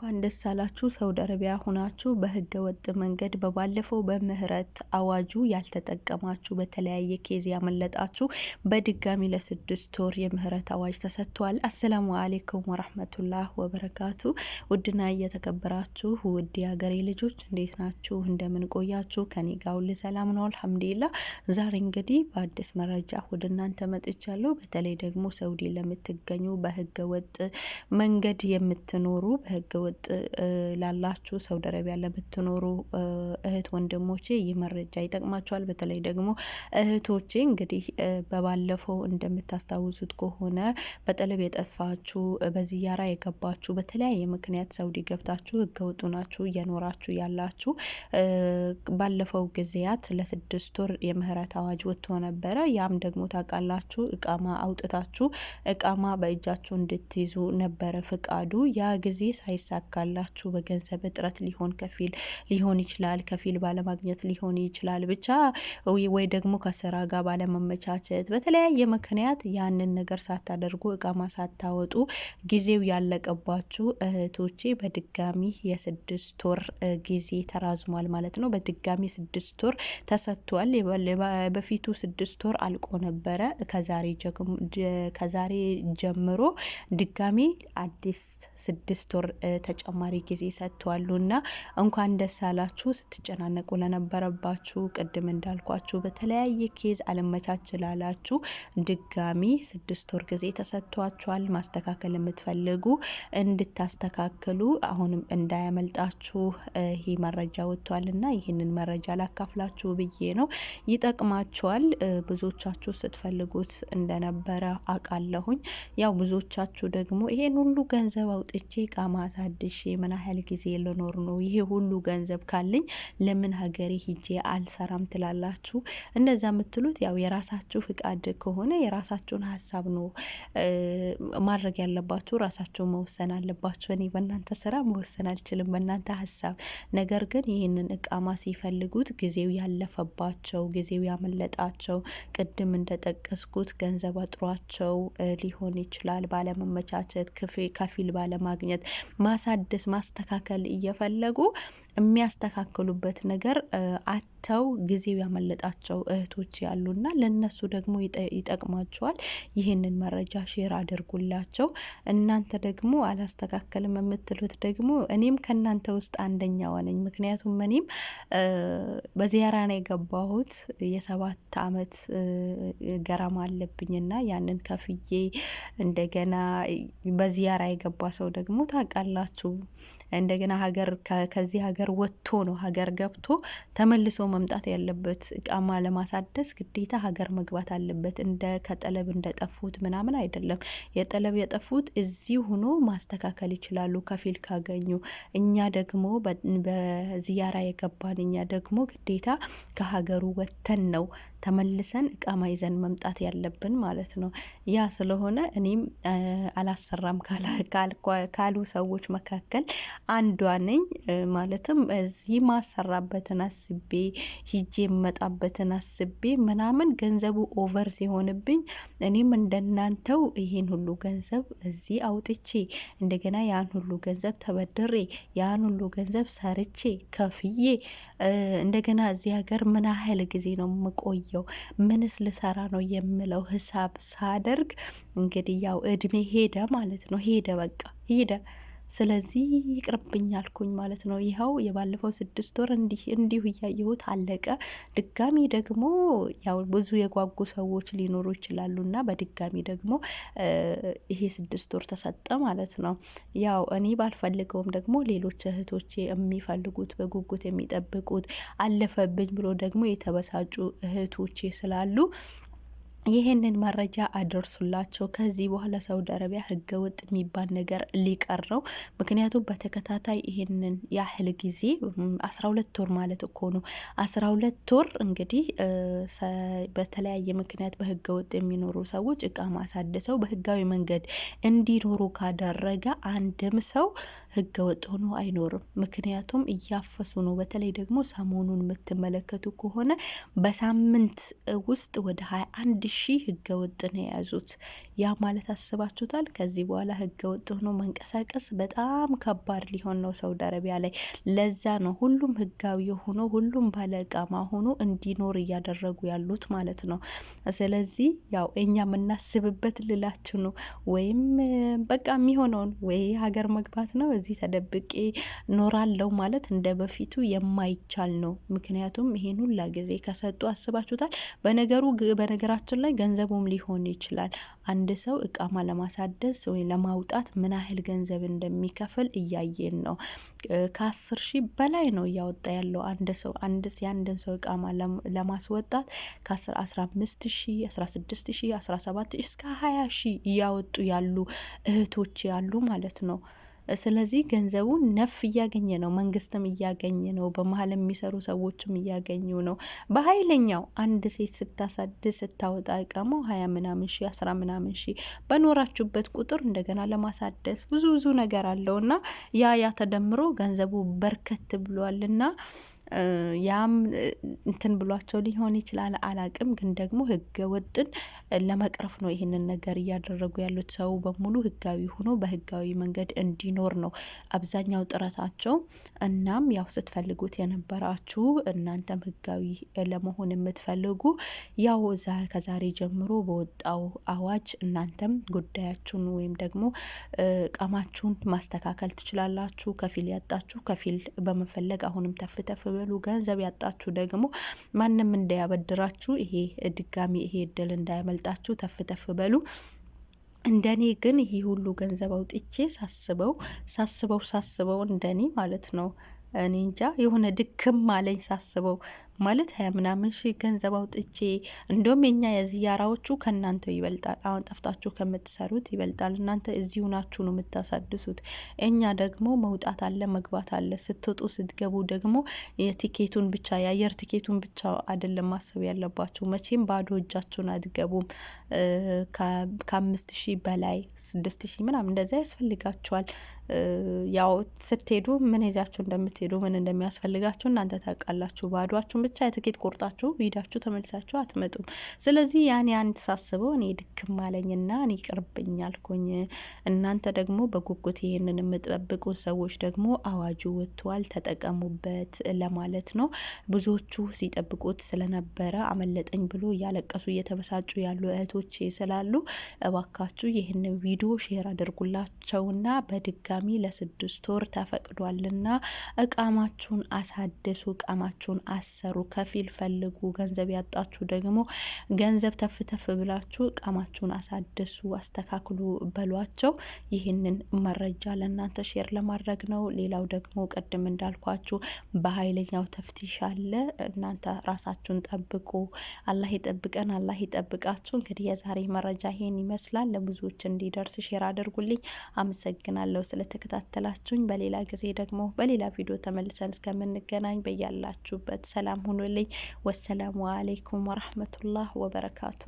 እንኳን ደስ አላችሁ ሳውዲ አረቢያ ሁናችሁ በህገ ወጥ መንገድ በባለፈው በምህረት አዋጁ ያልተጠቀማችሁ በተለያየ ኬዝ ያመለጣችሁ በድጋሚ ለስድስት ወር የምህረት አዋጅ ተሰጥቷል። አሰላሙ አሌይኩም ወራህመቱላህ ወበረካቱ። ውድና እየተከበራችሁ ውድ የሀገሬ ልጆች እንዴት ናችሁ? እንደምን ቆያችሁ? ከኔ ጋር ሁሉ ሰላም ነው አልሐምዱሊላ። ዛሬ እንግዲህ በአዲስ መረጃ ወደ እናንተ መጥቻለሁ። በተለይ ደግሞ ሳውዲ ለምትገኙ በህገ ወጥ መንገድ የምትኖሩ በህገ ውጭ ላላችሁ ሳውዲ አረቢያ ለምትኖሩ እህት ወንድሞቼ ይህ መረጃ ይጠቅማቸዋል። በተለይ ደግሞ እህቶቼ እንግዲህ በባለፈው እንደምታስታውሱት ከሆነ በጠለብ የጠፋችሁ በዚያራ የገባችሁ በተለያየ ምክንያት ሳውዲ ገብታችሁ ህገወጡ ናችሁ እየኖራችሁ ያላችሁ ባለፈው ጊዜያት ለስድስት ወር የምህረት አዋጅ ወጥቶ ነበረ። ያም ደግሞ ታውቃላችሁ እቃማ አውጥታችሁ እቃማ በእጃችሁ እንድትይዙ ነበረ ፍቃዱ ያ ጊዜ ሳይሳ ሳይሳካላችሁ በገንዘብ እጥረት ሊሆን ከፊል ሊሆን ይችላል፣ ከፊል ባለማግኘት ሊሆን ይችላል። ብቻ ወይ ደግሞ ከስራ ጋር ባለመመቻቸት በተለያየ ምክንያት ያንን ነገር ሳታደርጉ እቃማ ሳታወጡ ጊዜው ያለቀባችሁ እህቶቼ በድጋሚ የስድስት ወር ጊዜ ተራዝሟል ማለት ነው። በድጋሚ ስድስት ወር ተሰጥቷል። በፊቱ ስድስት ወር አልቆ ነበረ። ከዛሬ ጀምሮ ድጋሚ አዲስ ስድስት ወር ተጨማሪ ጊዜ እና እንኳን ደስ አላችሁ። ስትጨናነቁ ለነበረባችሁ ቅድም እንዳልኳችሁ በተለያየ ኬዝ አለመቻች ላላችሁ ድጋሚ ስድስት ወር ጊዜ ተሰጥቷችኋል። ማስተካከል የምትፈልጉ እንድታስተካክሉ አሁንም እንዳያመልጣችሁ ይህ መረጃ ወጥቷልና ይህንን መረጃ ላካፍላችሁ ብዬ ነው። ይጠቅማችኋል። ብዙዎቻችሁ ስትፈልጉት እንደነበረ አቃለሁኝ። ያው ብዙዎቻችሁ ደግሞ ይሄን ሁሉ ገንዘብ አውጥቼ እቃ ተወድሼ ምን ያህል ጊዜ ልኖር ነው? ይሄ ሁሉ ገንዘብ ካለኝ ለምን ሀገሬ ሂጄ አልሰራም ትላላችሁ? እንደዛ የምትሉት ያው የራሳችሁ ፍቃድ ከሆነ የራሳችሁን ሀሳብ ነው ማድረግ ያለባችሁ። ራሳችሁ መወሰን አለባችሁ። እኔ በእናንተ ስራ መወሰን አልችልም፣ በእናንተ ሀሳብ። ነገር ግን ይህንን እቃማ ሲፈልጉት ጊዜው ያለፈባቸው፣ ጊዜው ያመለጣቸው፣ ቅድም እንደጠቀስኩት ገንዘብ አጥሯቸው ሊሆን ይችላል፣ ባለመመቻቸት፣ ከፊል ባለማግኘት ማሳ ማሳደስ ማስተካከል እየፈለጉ የሚያስተካክሉበት ነገር ተው ጊዜው ያመለጣቸው እህቶች ያሉና ለነሱ ደግሞ ይጠቅማቸዋል። ይህንን መረጃ ሼር አድርጉላቸው። እናንተ ደግሞ አላስተካከልም የምትሉት ደግሞ እኔም ከእናንተ ውስጥ አንደኛ ሆነኝ። ምክንያቱም እኔም በዚያራ ነው የገባሁት የሰባት አመት ገራማ አለብኝና ያንን ከፍዬ እንደገና በዚያራ የገባ ሰው ደግሞ ታውቃላችሁ እንደገና ሀገር ከዚህ ሀገር ወጥቶ ነው ሀገር ገብቶ ተመልሶ መምጣት ያለበት እቃማ ለማሳደስ ግዴታ ሀገር መግባት አለበት። እንደ ከጠለብ እንደጠፉት ምናምን አይደለም። የጠለብ የጠፉት እዚህ ሆኖ ማስተካከል ይችላሉ ከፊል ካገኙ። እኛ ደግሞ በዚያራ የገባን እኛ ደግሞ ግዴታ ከሀገሩ ወተን ነው ተመልሰን እቃማ ይዘን መምጣት ያለብን ማለት ነው። ያ ስለሆነ እኔም አላሰራም ካሉ ሰዎች መካከል አንዷ ነኝ። ማለትም እዚህ ማሰራበትን አስቤ ሂጄ የመጣበትን አስቤ ምናምን ገንዘቡ ኦቨር ሲሆንብኝ እኔም እንደናንተው ይሄን ሁሉ ገንዘብ እዚህ አውጥቼ እንደገና ያን ሁሉ ገንዘብ ተበድሬ ያን ሁሉ ገንዘብ ሰርቼ ከፍዬ እንደገና እዚህ ሀገር ምን ያህል ጊዜ ነው የምቆየው? ምንስ ልሰራ ነው የምለው ሂሳብ ሳደርግ እንግዲህ ያው እድሜ ሄደ ማለት ነው። ሄደ በቃ ሄደ። ስለዚህ ይቅርብኝ አልኩኝ ማለት ነው። ይኸው የባለፈው ስድስት ወር እንዲህ እንዲሁ እያየሁት አለቀ። ድጋሚ ደግሞ ያው ብዙ የጓጉ ሰዎች ሊኖሩ ይችላሉ እና በድጋሚ ደግሞ ይሄ ስድስት ወር ተሰጠ ማለት ነው። ያው እኔ ባልፈልገውም ደግሞ ሌሎች እህቶቼ የሚፈልጉት በጉጉት የሚጠብቁት አለፈብኝ ብሎ ደግሞ የተበሳጩ እህቶቼ ስላሉ ይህንን መረጃ አደርሱላቸው። ከዚህ በኋላ ሳውዲ አረቢያ ህገወጥ የሚባል ነገር ሊቀረው፣ ምክንያቱም በተከታታይ ይህንን ያህል ጊዜ አስራ ሁለት ወር ማለት እኮ ነው። አስራ ሁለት ወር እንግዲህ በተለያየ ምክንያት በህገወጥ የሚኖሩ ሰዎች እቃ ማሳደሰው በህጋዊ መንገድ እንዲኖሩ ካደረገ አንድም ሰው ህገወጥ ሆኖ አይኖርም። ምክንያቱም እያፈሱ ነው። በተለይ ደግሞ ሰሞኑን የምትመለከቱ ከሆነ በሳምንት ውስጥ ወደ ሀያ አንድ ሺህ ህገወጥ ነው የያዙት። ያ ማለት አስባችሁታል። ከዚህ በኋላ ህገወጥ ሆኖ መንቀሳቀስ በጣም ከባድ ሊሆን ነው ሳውዲ አረቢያ ላይ። ለዛ ነው ሁሉም ህጋዊ ሆኖ ሁሉም ባለ እቃማ ሆኖ እንዲኖር እያደረጉ ያሉት ማለት ነው። ስለዚህ ያው እኛ የምናስብበት ልላችሁ ነው። ወይም በቃ የሚሆነውን ወይ ሀገር መግባት ነው እዚህ ተደብቄ ኖራለው ማለት እንደ በፊቱ የማይቻል ነው። ምክንያቱም ይሄን ሁላ ጊዜ ከሰጡ አስባችሁታል። በነገሩ በነገራችን በነገራችን ላይ ገንዘቡም ሊሆን ይችላል። አንድ ሰው እቃማ ለማሳደስ ወይ ለማውጣት ምን ያህል ገንዘብ እንደሚከፍል እያየን ነው። ከአስር ሺህ በላይ ነው እያወጣ ያለው አንድ ሰው አንድ የአንድን ሰው እቃማ ለማስወጣት ከአስራ አምስት ሺህ አስራ ስድስት ሺህ አስራ ሰባት ሺህ እስከ ሀያ ሺህ እያወጡ ያሉ እህቶች ያሉ ማለት ነው። ስለዚህ ገንዘቡ ነፍ እያገኘ ነው፣ መንግስትም እያገኘ ነው፣ በመሀል የሚሰሩ ሰዎችም እያገኙ ነው። በኃይለኛው አንድ ሴት ስታሳድስ ስታወጣ እቀመው ሀያ ምናምን ሺ አስራ ምናምን ሺ በኖራችሁበት ቁጥር እንደገና ለማሳደስ ብዙ ብዙ ነገር አለውና ያ ያ ተደምሮ ገንዘቡ በርከት ብሏልና ያም እንትን ብሏቸው ሊሆን ይችላል አላቅም። ግን ደግሞ ህገ ወጥን ለመቅረፍ ነው ይህንን ነገር እያደረጉ ያሉት። ሰው በሙሉ ህጋዊ ሆኖ በህጋዊ መንገድ እንዲኖር ነው አብዛኛው ጥረታቸው። እናም ያው ስትፈልጉት የነበራችሁ እናንተም ህጋዊ ለመሆን የምትፈልጉ ያው ከዛሬ ጀምሮ በወጣው አዋጅ እናንተም ጉዳያችሁን ወይም ደግሞ ቀማችሁን ማስተካከል ትችላላችሁ። ከፊል ያጣችሁ ከፊል በመፈለግ አሁንም ተፍተፍ በሉ። ገንዘብ ያጣችሁ ደግሞ ማንም እንዳያበድራችሁ፣ ይሄ ድጋሚ ይሄ እድል እንዳያመልጣችሁ፣ ተፍተፍ በሉ። እንደኔ ግን ይህ ሁሉ ገንዘብ አውጥቼ ሳስበው ሳስበው ሳስበው እንደኔ ማለት ነው እኔ እንጃ የሆነ ድክም አለኝ ሳስበው። ማለት ሀያ ምናምን ሺ ገንዘብ አውጥቼ እንደውም የኛ የዚያራዎቹ ከእናንተው ይበልጣል። አሁን ጠፍታችሁ ከምትሰሩት ይበልጣል። እናንተ እዚሁ ናችሁ ነው የምታሳድሱት። እኛ ደግሞ መውጣት አለ፣ መግባት አለ። ስትወጡ ስትገቡ ደግሞ የቲኬቱን ብቻ የአየር ቲኬቱን ብቻ አይደለም ማሰብ ያለባችሁ። መቼም ባዶ እጃችሁን አትገቡም። ከአምስት ሺህ በላይ ስድስት ሺህ ምናምን እንደዚያ ያስፈልጋችኋል። ያው ስትሄዱ ምን ይዛችሁ እንደምትሄዱ ምን እንደሚያስፈልጋችሁ እናንተ ታውቃላችሁ። ባዷችሁን ብቻ የትኬት ቆርጣችሁ ሂዳችሁ ተመልሳችሁ አትመጡም። ስለዚህ ያን ያን ተሳስበው እኔ ድክም አለኝና እኔ ቅርብኝ አልኩኝ። እናንተ ደግሞ በጉጉት ይህንን የምትጠብቁ ሰዎች ደግሞ አዋጁ ወጥቷል፣ ተጠቀሙበት ለማለት ነው። ብዙዎቹ ሲጠብቁት ስለነበረ አመለጠኝ ብሎ እያለቀሱ እየተበሳጩ ያሉ እህቶች ስላሉ እባካችሁ ይህንን ቪዲዮ ሼር አድርጉላቸውና በድጋ በድጋሚ ለስድስት ወር ተፈቅዷልና እቃማችሁን አሳድሱ፣ እቃማችሁን አሰሩ፣ ከፊል ፈልጉ። ገንዘብ ያጣችሁ ደግሞ ገንዘብ ተፍተፍ ብላችሁ እቃማችሁን አሳድሱ፣ አስተካክሉ በሏቸው። ይህንን መረጃ ለእናንተ ሼር ለማድረግ ነው። ሌላው ደግሞ ቅድም እንዳልኳችሁ በኃይለኛው ተፍቲሽ አለ። እናንተ ራሳችሁን ጠብቁ። አላህ ይጠብቀን፣ አላህ ይጠብቃችሁ። እንግዲህ የዛሬ መረጃ ይሄን ይመስላል። ለብዙዎች እንዲደርስ ሼር አድርጉልኝ። አመሰግናለሁ ስለ ስለተከታተላችሁኝ፣ በሌላ ጊዜ ደግሞ በሌላ ቪዲዮ ተመልሰን እስከምንገናኝ በያላችሁበት ሰላም ሁኑልኝ። ወሰላሙ አሌይኩም ወረህመቱላህ ወበረካቱ